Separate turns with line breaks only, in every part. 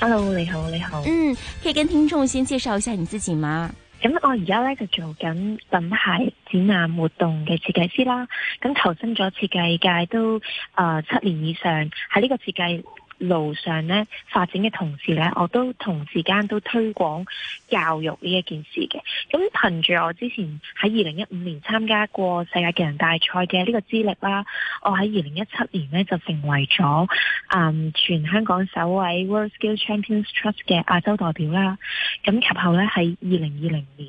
Hello，你好、哦，你好。嗯，可以跟聽眾先
介紹一下你自己嗎？咁我而家咧就做緊品牌展覽活動嘅設計師啦。咁投身咗設計界都誒七、呃、年以上，喺呢個設計。路上咧發展嘅同時咧，我都同時間都推廣教育呢一件事嘅。咁憑住我之前喺二零一五年參加過世界技能大賽嘅呢個資歷啦、啊，我喺二零一七年咧就成為咗、嗯、全香港首位 World Skill Champions Trust 嘅亞洲代表啦。咁及後咧喺二零二零年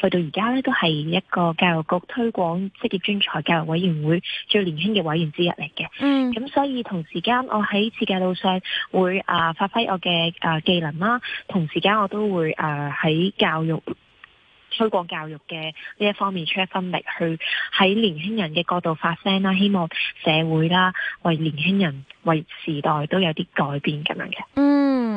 去到而家咧都係一個教育局推廣職業專才教育委員會最年輕嘅委員之一嚟嘅。嗯。咁所以同時間我喺設計到。會啊，發揮我嘅啊技能啦，同時間我都會啊喺教育推廣教育嘅呢一方面出一分力，去喺年輕人嘅角度發聲啦，希望社會啦為年輕人為時代都有啲改變咁樣嘅。嗯。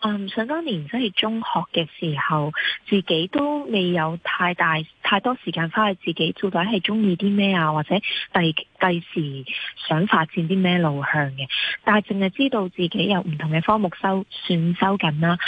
嗯、um，想當年即係中學嘅時候，自己都未有太大太多時間返去自己到底係中意啲咩啊，或者第第時想發展啲咩路向嘅，但係淨係知道自己有唔同嘅科目修選修緊啦，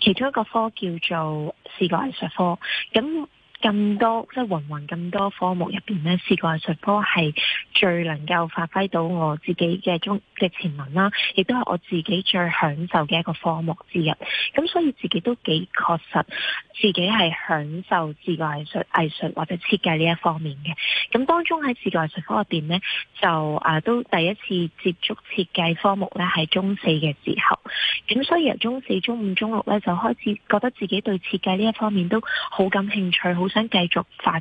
其中一個科叫做視覺藝術科咁。咁多即係芸芸咁多科目入邊咧，視覺藝術科係最能夠發揮到我自己嘅中嘅潛能啦，亦都係我自己最享受嘅一個科目之一。咁所以自己都幾確實，自己係享受視覺藝術、藝術或者設計呢一方面嘅。咁當中喺視覺藝術科入邊咧，就啊都第一次接觸設計科目咧，係中四嘅時候。咁所以由中四、中五、中六咧，就開始覺得自己對設計呢一方面都好感興趣，好。想繼續發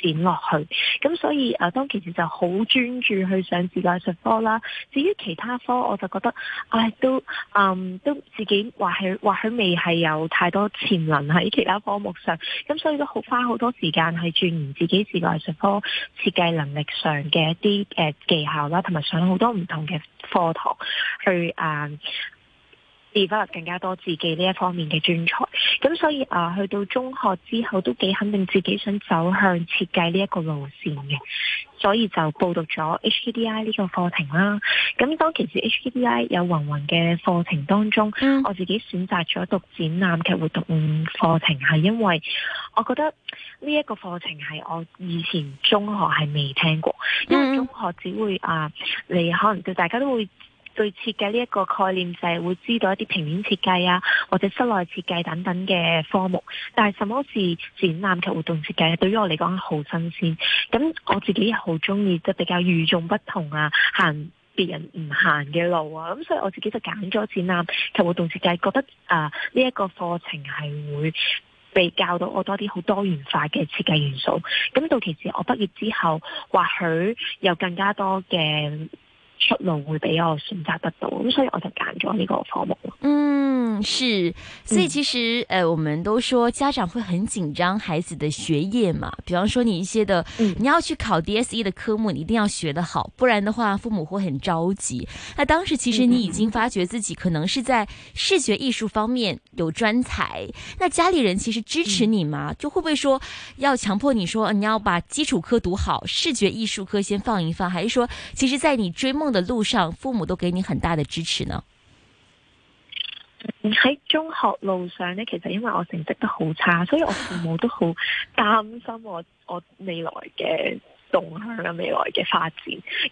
展落去，咁所以啊，當其時就好專注去上視覺藝術科啦。至於其他科，我就覺得，唉、哎，都嗯，都自己話係或許未係有太多潛能喺其他科目上，咁所以都好花好多時間去鍛鍊自己視覺藝術科設計能力上嘅一啲誒、呃、技巧啦，上很多不同埋上好多唔同嘅課堂去啊。嗯而翻更加多自己呢一方面嘅專才，咁所以啊，去到中學之後都幾肯定自己想走向設計呢一個路線嘅，所以就報讀咗 HKDI 呢個課程啦。咁當其時 HKDI 有云云嘅課程當中，嗯，我自己選擇咗讀展覽嘅活動課程，係因為我覺得呢一個課程係我以前中學係未聽過，因為中學只會啊，你可能對大家都會。對設計呢一個概念就係會知道一啲平面設計啊，或者室內設計等等嘅科目。但係什麼是展覽及活動設計？對於我嚟講好新鮮。咁我自己好中意即比較與眾不同啊，行別人唔行嘅路啊。咁所以我自己就揀咗展覽及活動設計，覺得啊呢一個課程係會被教到我多啲好多元化嘅設計元素。咁到其實我畢業之後，或許有更加多嘅。出路會比較選擇得到，
咁所以我就揀咗呢個科目。嗯，是，所以其實、嗯、呃，我們都說家長會很緊張孩子的學業嘛，比方說你一些的、嗯，你要去考 DSE 的科目，你一定要學得好，不然的話父母會很着急。那當時其實你已經發覺自己可能是在視覺藝術方面有專才、嗯，那家裏人其實支持你嗎、嗯？就會不會說要強迫你說你要把基礎科讀好，視覺藝術科先放一放，還是說其實在你追夢？的路上，父母都給你很大的
支持呢。喺中學路上咧，其實因為我成績都好差，所以我父母都好擔心我我未來嘅動向啊，未來嘅發展。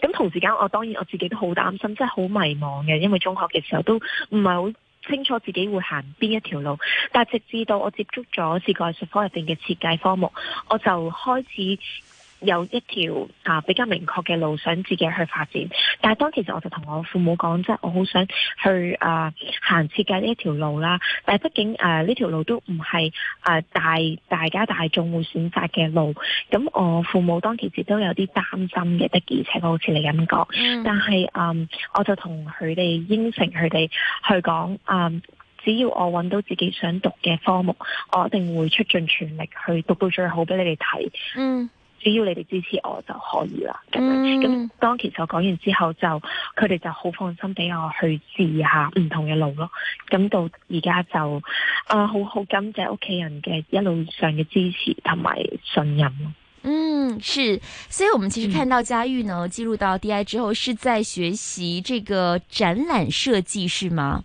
咁同時間，我當然我自己都好擔心，即係好迷茫嘅，因為中學嘅時候都唔係好清楚自己會行邊一條路。但係直至到我接觸咗似藝術科入邊嘅設計科目，我就開始。有一條啊比較明確嘅路，想自己去發展。但係當其時我就同我父母講，即係我好想去啊、呃、行設計呢一條路啦。但係畢竟誒呢條路都唔係誒大大家大眾會選擇嘅路。咁我父母當其時都有啲擔心嘅，的而且確好似你咁講。但係誒、呃、我就同佢哋應承佢哋去講，啊、呃、只要我揾到自己想讀嘅科目，我一定會出盡全力去讀到最好俾你哋睇。嗯。只要你哋支持我就可以啦，咁、嗯、咁當其實我講完之後就，他們，就佢哋就好放心俾我去試下唔同嘅路咯。咁到而家就啊，好、呃、好感謝屋企人嘅一路上嘅支持同埋信任咯。嗯，
是，所以我們其實看到嘉玉呢，進入到 DI 之後，是在學習這個展覽設計，是嗎？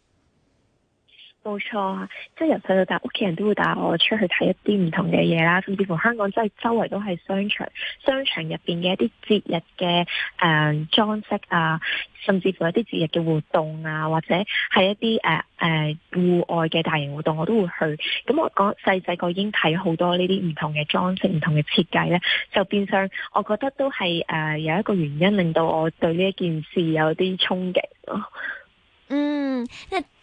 冇錯啊！即係由細到大，屋企人都會帶我出去睇一啲唔同嘅嘢啦，甚至乎香港真係周圍都係商場，商場入邊嘅一啲節日嘅誒裝飾啊，甚至乎一啲節日嘅活動啊，或者係一啲誒誒戶外嘅大型活動，我都會去。咁我講細細個已經睇好多呢啲唔同嘅裝飾、唔同嘅設計咧，就變相我覺得都係誒、呃、有一個原因令到我對呢一件事有啲衝擊咯。嗯，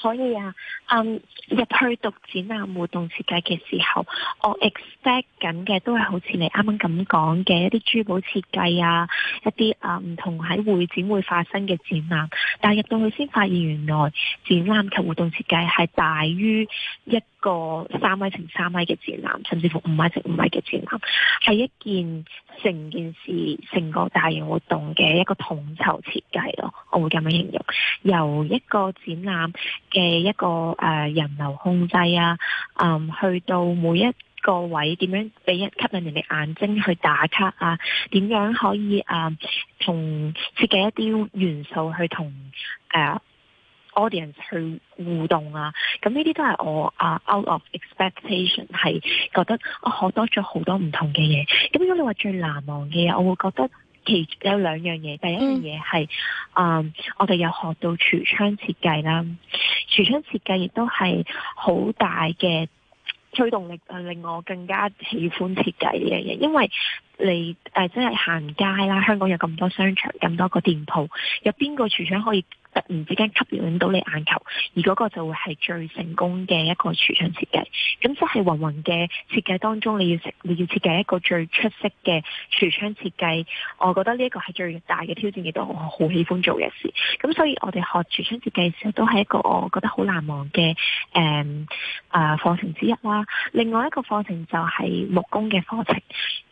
可以啊，嗯，入去讀展覽活動設計嘅時候，我 expect 緊嘅都係好似你啱啱咁講嘅一啲珠寶設計啊，一啲啊唔同喺會展會發生嘅展覽，但係入到去先發現原來展覽及活動設計係大於一個三米乘三米嘅展覽，甚至乎五米乘五米嘅展覽，係一件成件事、成個大型活動嘅一個統籌設計咯。我會咁樣形容，由一個展覽嘅一個誒、呃、人流控制啊，嗯、呃，去到每一個位點樣俾人吸引人哋眼睛去打卡啊，點樣可以誒，同設計一啲元素去同誒。呃多 u 去互動啊，咁呢啲都係我啊、uh, out of expectation 係覺得我學多咗好多唔同嘅嘢。咁如果你話最難忘嘅嘢，我會覺得其實有兩樣嘢。第一樣嘢係啊，我哋又學到櫥窗設計啦，櫥窗設計亦都係好大嘅推動力、呃，令我更加喜歡設計呢樣嘢。因為你誒真係行街啦，香港有咁多商場，咁多個店鋪，有邊個櫥窗可以突然之間吸引到你眼球，而嗰個就會係最成功嘅一個櫥窗設計。咁即係芸芸嘅設計當中，你要成你要設計一個最出色嘅櫥窗設計。我覺得呢一個係最大嘅挑戰，亦都我好喜歡做嘅事。咁所以我哋學櫥窗設計嘅時候，都係一個我覺得好難忘嘅誒啊課程之一啦。另外一個課程就係木工嘅課程。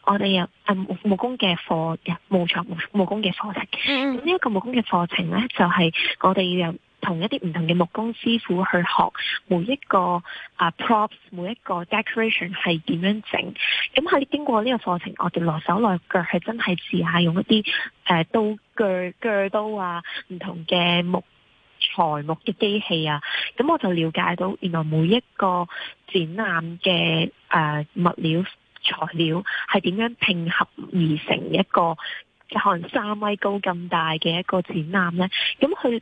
我哋有木木工嘅課，木材木木工嘅課程。咁、mm. 呢一個木工嘅課程呢，就係我哋要由同一啲唔同嘅木工師傅去學每一個啊、uh, props，每一個 decoration 係點樣整。咁喺經過呢個課程，我哋落手落腳係真係試下用一啲誒、呃、刀鋸鋸刀啊，唔同嘅木材木嘅機器啊。咁我就了解到，原來每一個展覽嘅誒、呃、物料。材料係點樣拼合而成一個可能三米高咁大嘅一個展覽呢？咁佢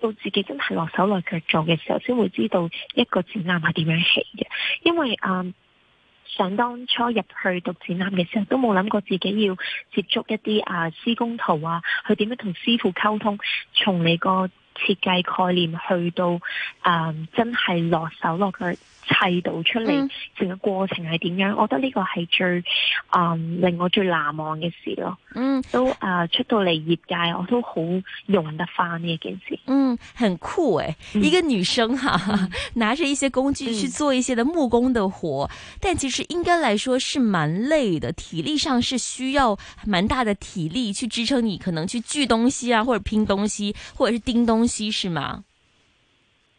到自己真係落手落腳做嘅時候，先會知道一個展覽係點樣起嘅。因為嗯，想當初入去讀展覽嘅時候，都冇諗過自己要接觸一啲啊施工圖啊，去點樣同師傅溝通，從你個設計概念去到啊、嗯、真係落手落腳。砌到出嚟，成個過程係點樣、嗯？我覺得呢個係最誒、呃、令我最難忘嘅事咯。嗯，都誒、呃、出到嚟業界，我都好用得翻呢一件事。嗯，很酷誒、欸，一個女生哈、啊、嗯、 拿着一些工
具去做一些的木工的活，嗯、但其實應該來說是蠻累的，體力上是需要蠻大的體力去支撐你可能去鋸東西啊，或者拼東西，
或者是釘東西，是嗎？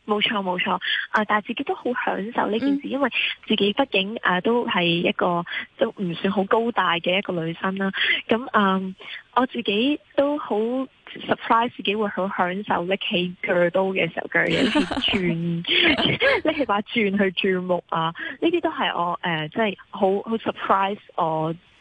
冇錯冇錯啊！但係自己都好享受呢件事，嗯，因為自己畢竟啊都係一個都唔算好高大嘅一個女生啦。咁嗯，我自己都好 surprise 自己會好享受拎起鋸刀嘅時候，鋸嘢轉拎起把鑽去鑽木啊！呢啲都係我誒，即係好好 surprise 我。呃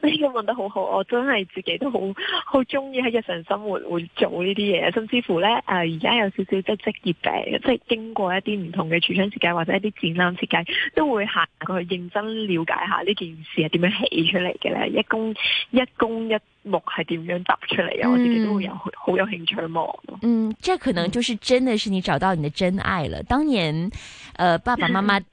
呢、這個問得好好，我真係自己都好好中意喺日常生活會做呢啲嘢，甚至乎呢，誒而家有少少即係職業病，即係經過一啲唔同嘅櫥窗設計或者一啲展覽設計，都會行過去認真了解一下呢件事係點樣起出嚟嘅呢一公，一公一公一木係點樣搭出嚟啊！我自己都會有好、嗯、有興趣望咯。嗯，
這可能就是真的是你找到你嘅真愛了。當年，誒、呃、爸爸媽媽。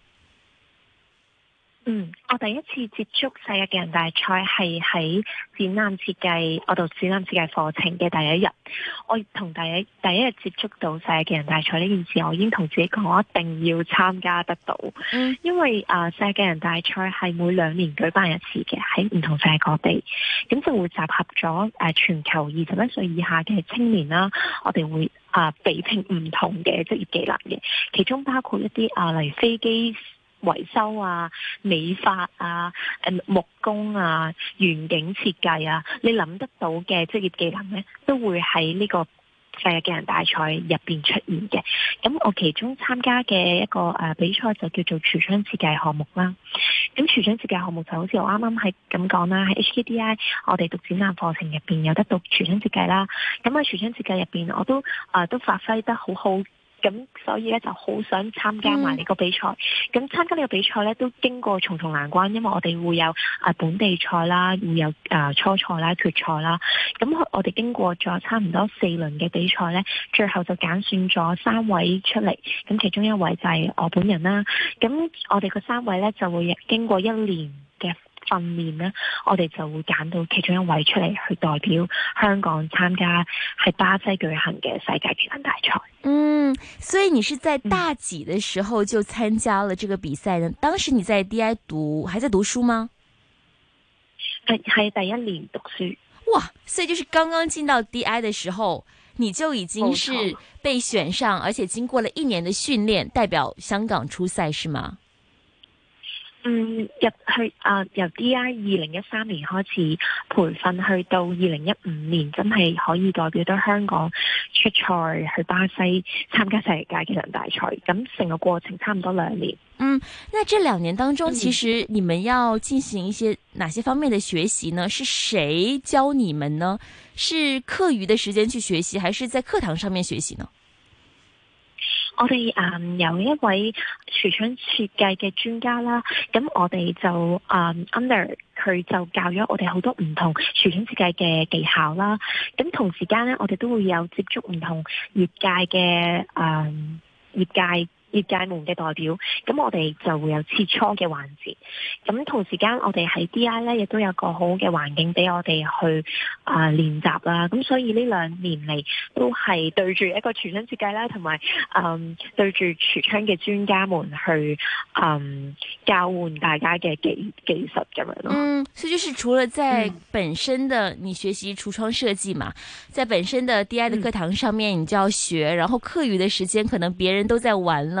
嗯，我第一次接觸世界技能大賽係喺展覽設計，我讀展覽設計課程嘅第一日，我同第一第一日接觸到世界技能大賽呢件事，我已經同自己講，我一定要參加得到。嗯，因為啊，世界技能大賽係每兩年舉辦一次嘅，喺唔同世界各地，咁就會集合咗誒、啊、全球二十一歲以下嘅青年啦，我哋會啊比拼唔同嘅職業技能嘅，其中包括一啲啊例如飛機。維修啊、美髮啊、呃、木工啊、園景設計啊，你諗得到嘅職業技能呢，都會喺呢個世界技能大賽入邊出現嘅。咁我其中參加嘅一個呃比賽就叫做櫥窗設計項目啦。咁櫥窗設計項目就好似我啱啱係咁講啦，喺 HKDI 我哋讀展覽課程入邊有得讀櫥窗設計啦。咁喺櫥窗設計入邊，我都、呃、都發揮得好好。咁所以咧就好想參加埋呢個比賽，咁、嗯、參加呢個比賽咧都經過重重難關，因為我哋會有本地賽啦，會有初賽啦、決賽啦。咁我哋經過咗差唔多四輪嘅比賽咧，最後就揀選咗三位出嚟。咁其中一位就係我本人啦。咁我哋個三位咧就會經過一年嘅訓練呢，我哋就會揀到其中一位出嚟去代表香港參加喺巴西舉行嘅世界舉重大賽。嗯，
所以你是在大幾的時候就參加了這個比賽呢，嗯？當時你在 D I 讀，還在讀書嗎？係，嗯、係第一年讀書。哇，所以就是剛剛進到 D I 嘅時候，你就已經是被選上，而且經過了一年的訓練，代表香港出賽，是嗎？
嗯，入去啊，呃，由 D I 二零一三年開始培訓，去到二零一五年，真係可以代表到香港出賽去巴西參加世界技能大賽。咁成個過程差唔多兩年。嗯，
那這兩年當中，其實你們要進行一些哪些方面的學習呢？是誰教你們呢？是課餘的時間去學習，還是在課堂上面學習呢？
我哋誒有一位櫥窗設計嘅專家啦，咁我哋就誒、嗯、under 佢就教咗我哋好多唔同櫥窗設計嘅技巧啦，咁同時間咧我哋都會有接觸唔同業界嘅誒、嗯、業界。業界門嘅代表，咁我哋就會有切磋嘅環節。咁同時間，我哋喺 D.I. 咧，亦都有個好嘅環境俾我哋去啊練習啦。咁所以呢兩年嚟，都係對住一個櫥窗設計啦，同埋誒對住櫥窗嘅專家們去誒交換大家嘅技技術咁樣咯。嗯，所以就是除了在本
身的、嗯、你學習櫥窗設計嘛，在本身的 D.I. 的課堂上面，你就要學，嗯、然後課餘的時間可能別人都在玩啦。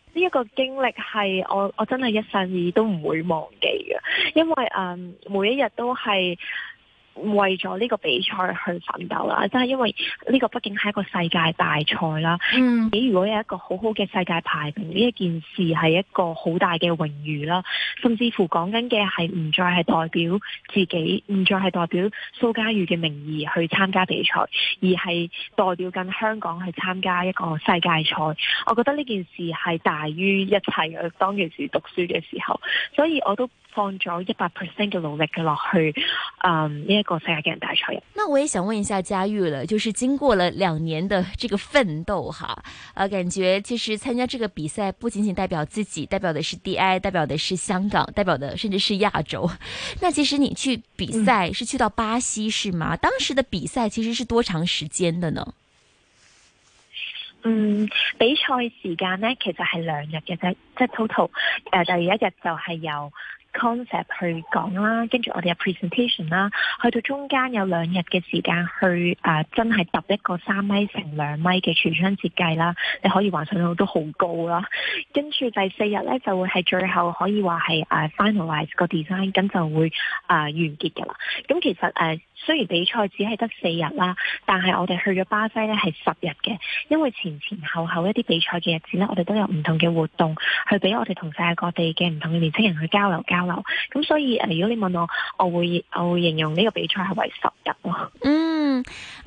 一、呢個經歷係我我真係一世都唔會忘記嘅，因為誒、嗯、每一日都係。為咗呢個比賽去奮鬥啦，真係因為呢個畢竟係一個世界大賽啦。嗯，你如果有一個很好好嘅世界排名，呢一件事係一個好大嘅榮譽啦。甚至乎講緊嘅係唔再係代表自己，唔再係代表蘇家豫嘅名義去參加比賽，而係代表緊香港去參加一個世界賽。我覺得呢件事係大於一切嘅。當其時讀書嘅時候，所以我都放咗一百 percent 嘅努力嘅落去。嗯，世界
嘅大，那我也想問一下嘉玉了，就是經過了兩年的這個奮鬥哈，哈、呃，感覺其實參加這個比賽不僅僅代表自己，代表的是 DI，代表的是香港，代表的甚至是亞洲。那其實你去比賽是去到巴西是嗎？嗯、當時的比賽其實是多長時間的呢？嗯，比
賽時間呢，其實係兩日嘅啫，即即 total，誒，第二、呃、一日就係由。concept 去講啦，跟住我哋有 presentation 啦，去到中間有兩日嘅時間去誒、啊，真係揼一個三米乘兩米嘅櫥窗設計啦，你可以幻想到都好高啦。跟住第四日呢，就會係最後可以話係 finalize 個 design，咁就會誒、啊、完結㗎啦。咁其實誒。啊雖然比賽只係得四日啦，但係我哋去咗巴西呢係十日嘅，因為前前後後一啲比賽嘅日子呢，我哋都有唔同嘅活動去俾我哋同世界各地嘅唔同嘅年輕人去交流交流。咁所以如果你問我，我會我會形容呢個比賽係為十日咯。
嗯。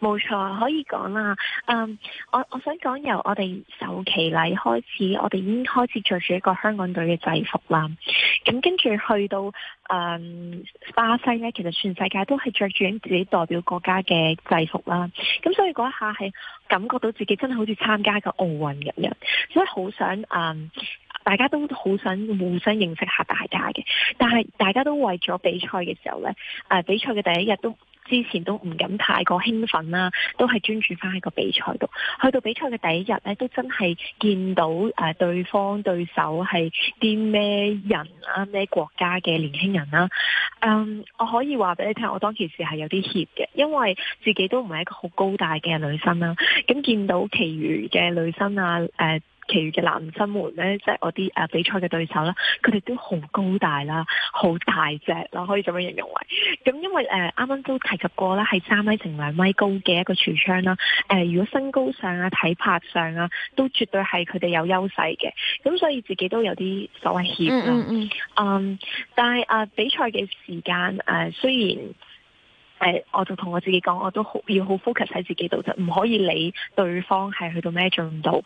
冇錯，可以講啦。嗯，我我想講由我哋首期禮開始，我哋已經開始著住一個香港隊嘅制服啦。咁跟住去到、嗯、巴西呢，其實全世界都係著住自己代表國家嘅制服啦。咁所以嗰一下係感覺到自己真係好似參加個奧運咁樣，所以好想、嗯、大家都好想互相認識下大家嘅。但係大家都為咗比賽嘅時候呢，呃、比賽嘅第一日都。之前都唔敢太過興奮啦，都係專注翻喺個比賽度。去到比賽嘅第一日咧，都真係見到、呃、對方對手係啲咩人啊，咩國家嘅年輕人啦、啊。嗯，我可以話俾你聽，我當其時係有啲怯嘅，因為自己都唔係一個好高大嘅女生啦。咁、啊、見到其餘嘅女生啊，呃其餘嘅男生們咧，即係我啲誒比賽嘅對手啦，佢哋都好高大啦，好大隻啦，可以咁樣形容為。咁因為誒啱啱都提及過啦，係三米乘兩米高嘅一個櫥窗啦。誒、呃，如果身高上啊、體魄上啊，都絕對係佢哋有優勢嘅。咁所以自己都有啲所謂怯啦。嗯嗯嗯，嗯。但係誒、呃、比賽嘅時間誒、呃，雖然誒、呃，我就同我自己講，我都好要好 focus 喺自己度，就唔可以理對方係去到咩進度。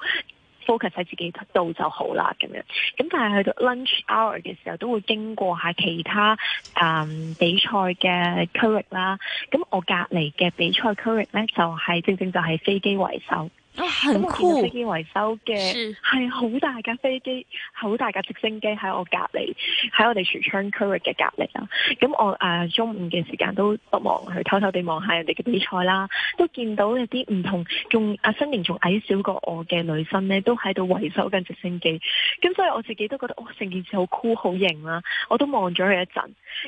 focus 喺自己度就好啦，咁樣，咁但係去到 lunch hour 嘅時候，都會經過一下其他誒、嗯、比賽嘅區域啦。咁我隔籬嘅比賽區域咧，就係、是、正正就係飛機維修。都、嗯、酷。咁、嗯、我見維修嘅係好大架飛機，好大架直升機喺我隔籬，喺我哋櫥窗區域嘅隔籬啦。咁我誒、呃、中午嘅時間都不忘去偷偷地望下人哋嘅比賽啦，都見到一啲唔同，仲啊新年仲矮少過我嘅女生咧，都喺度維修緊直升機。咁所以我自己都覺得哇，成、哦、件事好酷好型啦。我都望咗佢一陣。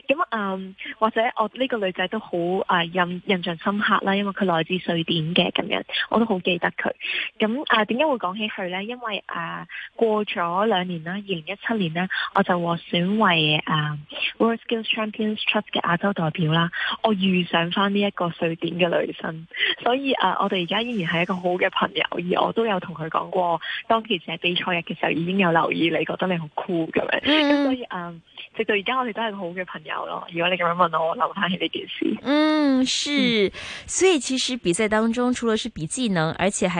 咁嗯、呃，或者我呢個女仔都好誒、呃、印印象深刻啦，因為佢來自瑞典嘅咁樣，我都好記得佢。咁、嗯、啊，點解會講起佢呢？因為啊，過咗兩年啦，二零一七年呢，我就獲選為啊 World Skills Champions Trust 嘅亞洲代表啦。我遇上翻呢一個瑞典嘅女生，所以啊，我哋而家依然係一個好嘅朋友。而我都有同佢講過，當其時係比賽日嘅時候，已經有留意你，覺得你好酷咁樣。咁、嗯、所以啊，直到而家我哋都係個好嘅朋友咯。如果你咁樣問我，我留翻起呢件事。嗯，是。嗯、所以其
實比賽當中，除了是比技能，而且還。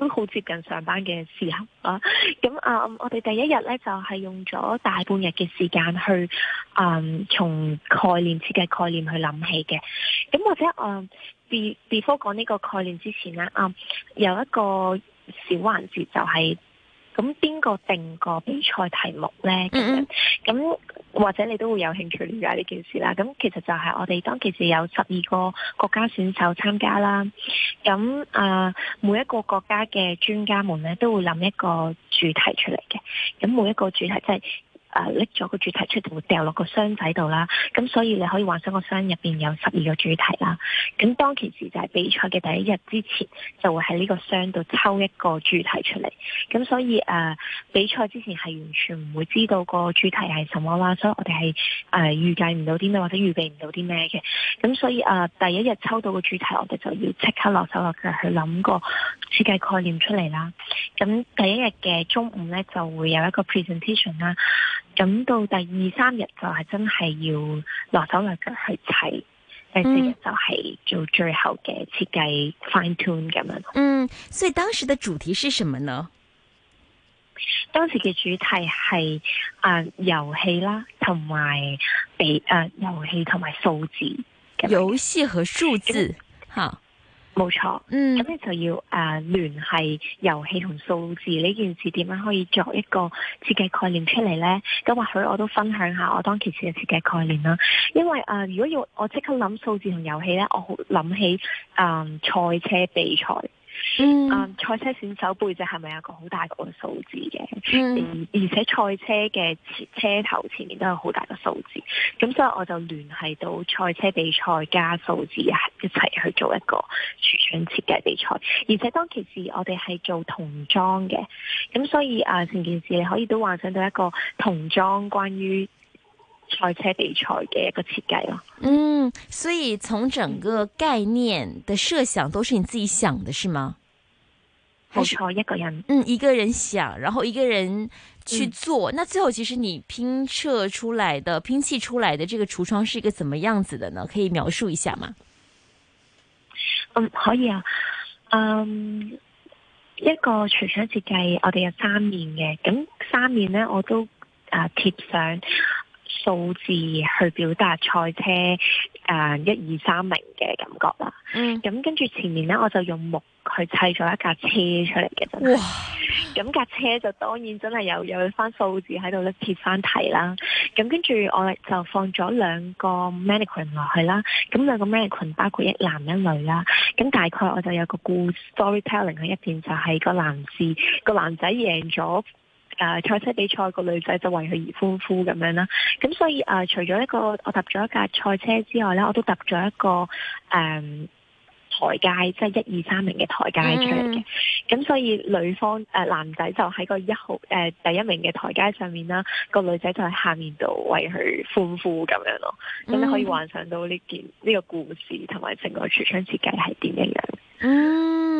都好接近上班嘅時候啦，咁啊，嗯、我哋第一日咧就係、是、用咗大半日嘅時間去啊、嗯，從概念設計概念去諗起嘅，咁、嗯、或者啊，b before 講呢個概念之前咧啊，有一個小環節就係、是。咁邊個定個比賽題目呢？咁，或者你都會有興趣了解呢件事啦。咁其實就係我哋當其時有十二個國家選手參加啦。咁啊、呃，每一個國家嘅專家們咧都會諗一個主題出嚟嘅。咁每一個主題即係。誒、啊，拎咗個主題出嚟，會掉落個箱仔度啦。咁所以你可以幻想個箱入邊有十二個主題啦。咁當其時就係比賽嘅第一日之前，就會喺呢個箱度抽一個主題出嚟。咁所以誒、啊，比賽之前係完全唔會知道個主題係什麼啦。所以我哋係誒預計唔到啲咩或者預備唔到啲咩嘅。咁所以誒、啊，第一日抽到個主題，我哋就要即刻落手落腳去諗個設計概念出嚟啦。咁第一日嘅中午呢，就會有一個 presentation 啦。咁到第二三日就係真係要落手落腳去砌，嗯、第四日就係做最後嘅設計 fine tune 咁樣。嗯，所以當時嘅主題是什麼呢？當時嘅主題係啊遊戲啦，同埋比誒遊戲同埋數字。遊戲和數字，好。冇錯，嗯，咁你就要誒聯繫遊戲同數字呢件事，點樣可以作一個設計概念出嚟呢？咁或許我都分享下我當其時嘅設計概念啦。因為誒，uh, 如果要我即刻諗數字同遊戲呢，我好諗起誒 um, 賽車比賽。嗯,嗯，賽車選手背脊係咪有個好大個數字嘅、嗯？而且賽車嘅車,車頭前面都有好大個數字，咁所以我就聯繫到賽車比賽加數字一齊去做一個櫥窗設計比賽。而且當其時我哋係做童裝嘅，咁所以啊成件事你可以都幻想到一個童裝關於賽車比賽嘅一個設計咯。嗯，
所以從整個概念嘅設想，都是你自己想嘅，是嗎？冇錯一個人，嗯，一個人想，然後一個人去做。嗯、那最後其實你拼砌出來的、拼砌出來的這個櫥窗是一個怎麼樣子的呢？可以描述一下嗎？嗯，
可以啊。嗯，一個櫥窗設計，我哋有三面嘅，咁三面呢，我都啊貼上。呃數字去表達賽車誒，一二三名嘅感覺啦。Mm. 嗯。咁跟住前面呢，我就用木去砌咗一架車出嚟嘅。哇！咁架車就當然真係有有翻數字喺度咧，貼翻題啦。咁跟住我咧就放咗兩個 manicure 落去啦。咁兩個 manicure 包括一男一女啦。咁大概我就有一個故事 storytelling 喺一邊，就係個男士個男仔贏咗。誒、呃、賽車比賽個女仔就為佢而歡呼咁樣啦，咁所以、呃、除咗一個我搭咗一架賽車之外呢，我都搭咗一個誒、嗯、台階，即、就、係、是、一二三名嘅台階出嚟嘅。咁、嗯、所以女方、呃、男仔就喺個一號、呃、第一名嘅台階上面啦，個女仔就喺下面度為佢歡呼咁樣咯。咁你可以幻想到呢件呢、嗯、呢個故事同埋成個櫥窗設計係點嘅樣。嗯。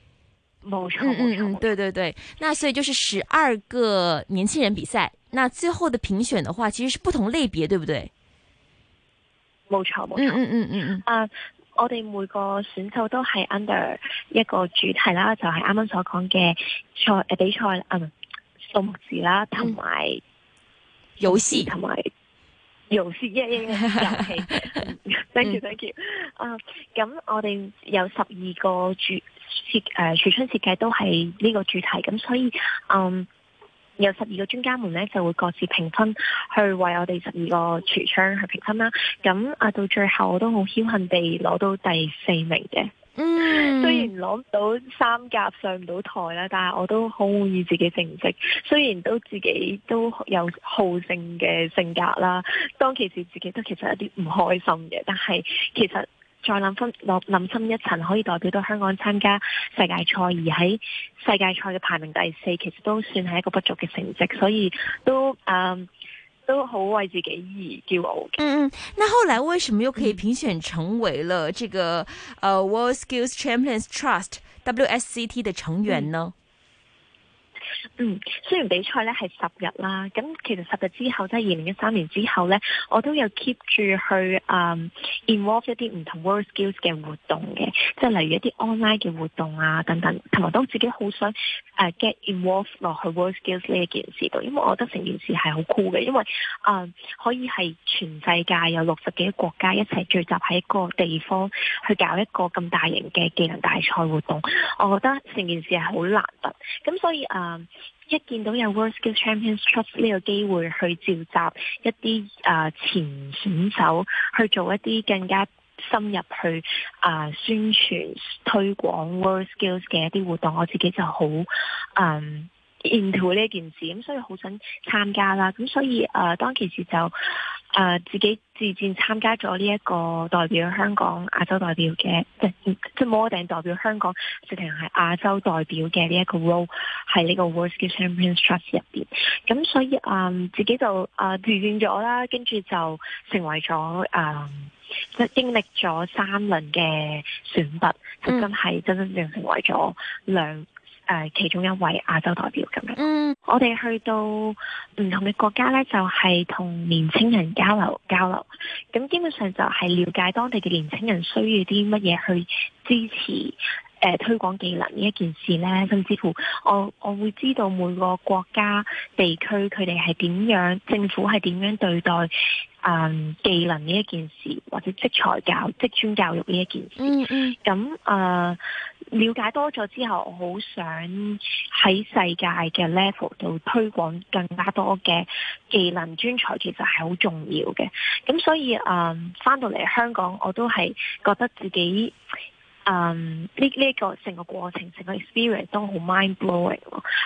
冇錯，冇錯，嗯，對對對，那所以就是十二個年輕人比賽，那最後的評選的話，其實是不同類別，對不對？
冇錯，冇錯，嗯嗯嗯嗯，啊、嗯 uh, 嗯，我哋每個選手都係 under 一個主題啦，就係啱啱所講嘅賽誒比賽啦，啊，數目字啦，同埋遊戲，同埋遊戲，一一遊戲，thank you，thank you，啊，咁我哋有十二個主。設誒，櫥窗設計都係呢個主題，咁所以，嗯，有十二個專家們呢，就會各自評分，去為我哋十二個櫥窗去評分啦。咁啊，到最後我都好僥倖地攞到第四名嘅。嗯，雖然攞唔到三甲，上唔到台啦，但係我都好滿意自己成績。雖然都自己都有好勝嘅性格啦，當其時自己都其實有啲唔開心嘅，但係其實。再諗翻落諗深一層，可以代表到香港參加世界賽，而喺世界賽嘅排名第四，其實都算係一個不俗嘅成績，所以都誒、嗯、都好為自己而驕傲。嘅嗯嗯，那後來為什麼又可以
評選成為了這個誒、嗯啊、World Skills Champions Trust（W S C T） 的成員呢？嗯
嗯，雖然比賽咧係十日啦，咁其實十日之後即係二零一三年之後咧，我都有 keep 住去、嗯、involve 一啲唔同 World Skills 嘅活動嘅，即係例如一啲 online 嘅活動啊等等，同埋我自己好想、啊、get involve 落去 World Skills 呢一件事度，因為我覺得成件事係好 cool 嘅，因為、嗯、可以係全世界有六十幾個國家一齊聚集喺一個地方去搞一個咁大型嘅技能大賽活動，我覺得成件事係好難得，咁所以、嗯一見到有 WorldSkills Champions Trust 呢個機會去召集一啲、呃、前選手去做一啲更加深入去、呃、宣傳推廣 WorldSkills 嘅一啲活動，我自己就好、呃沿途呢件事，咁所以好想參加啦，咁所以誒當其時就誒自己自薦參加咗呢一個代表香港亞洲代表嘅，即係即係冇一代表香港直情係亞洲代表嘅呢一個 role，係呢個 World Skate Championships 入邊，咁所以誒自己就誒願咗啦，跟住就成為咗誒經歷咗三輪嘅選拔，真係真真正成為咗兩。誒、呃，其中一位亞洲代表咁樣，嗯，我哋去到唔同嘅國家呢，就係、是、同年青人交流交流，咁基本上就係了解當地嘅年青人需要啲乜嘢去支持。誒、呃、推廣技能呢一件事呢，甚至乎我我會知道每個國家地區佢哋係點樣，政府係點樣對待啊、嗯、技能呢一件事，或者職才教職專教育呢一件事。嗯嗯。咁啊、呃，了解多咗之後，我好想喺世界嘅 level 度推廣更加多嘅技能專才，其實係好重要嘅。咁所以啊，翻、呃、到嚟香港，我都係覺得自己。嗯，呢呢個成個過程，成個 experience 都好 mind blowing，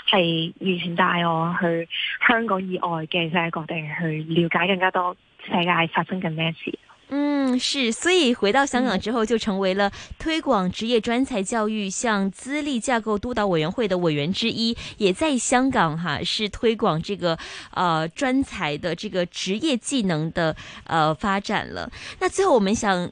係完全帶我去香港以外嘅世界各地去了解更加多世界發生緊咩事。
嗯，是，所以回到香港之後，就成為了推廣職業專才教育，向資歷架構督導委員會的委員之一，也在香港哈，是推廣這個，呃，專才的這個職業技能的，呃，發展了。那最後，我們想。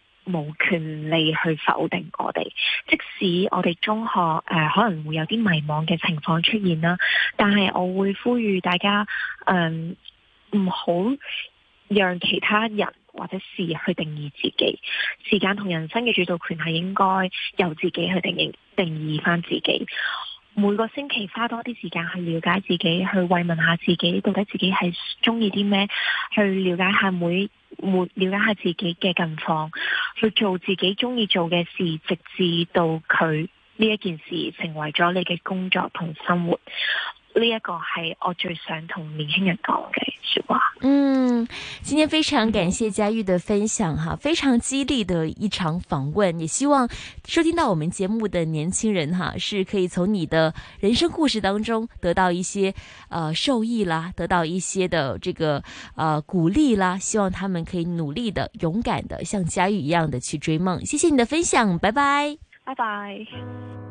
冇權利去否定我哋，即使我哋中學、呃、可能會有啲迷茫嘅情況出現啦，但係我會呼籲大家誒，唔好讓其他人或者事去定義自己，時間同人生嘅主導權係應該由自己去定義定義翻自己。每個星期花多啲時間去了解自己，去慰問下自己，到底自己係中意啲咩？去了解下每每了解下自己嘅近況，去做自己中意做嘅事，直至到佢呢一件事成為咗你嘅工作同生活。呢、這、一個係我最想同年輕人講嘅說話。嗯，今天非常感謝嘉玉的分
享哈，非常激勵的一場訪問。也希望收聽到我們節目的年輕人哈，是可以從你的人生故事當中得到一些，呃，受益啦，得到一些的這個，呃，鼓勵啦。希望他們可以努力的、勇敢的，像嘉玉一樣的去追夢。謝謝你的分享，拜拜，
拜拜。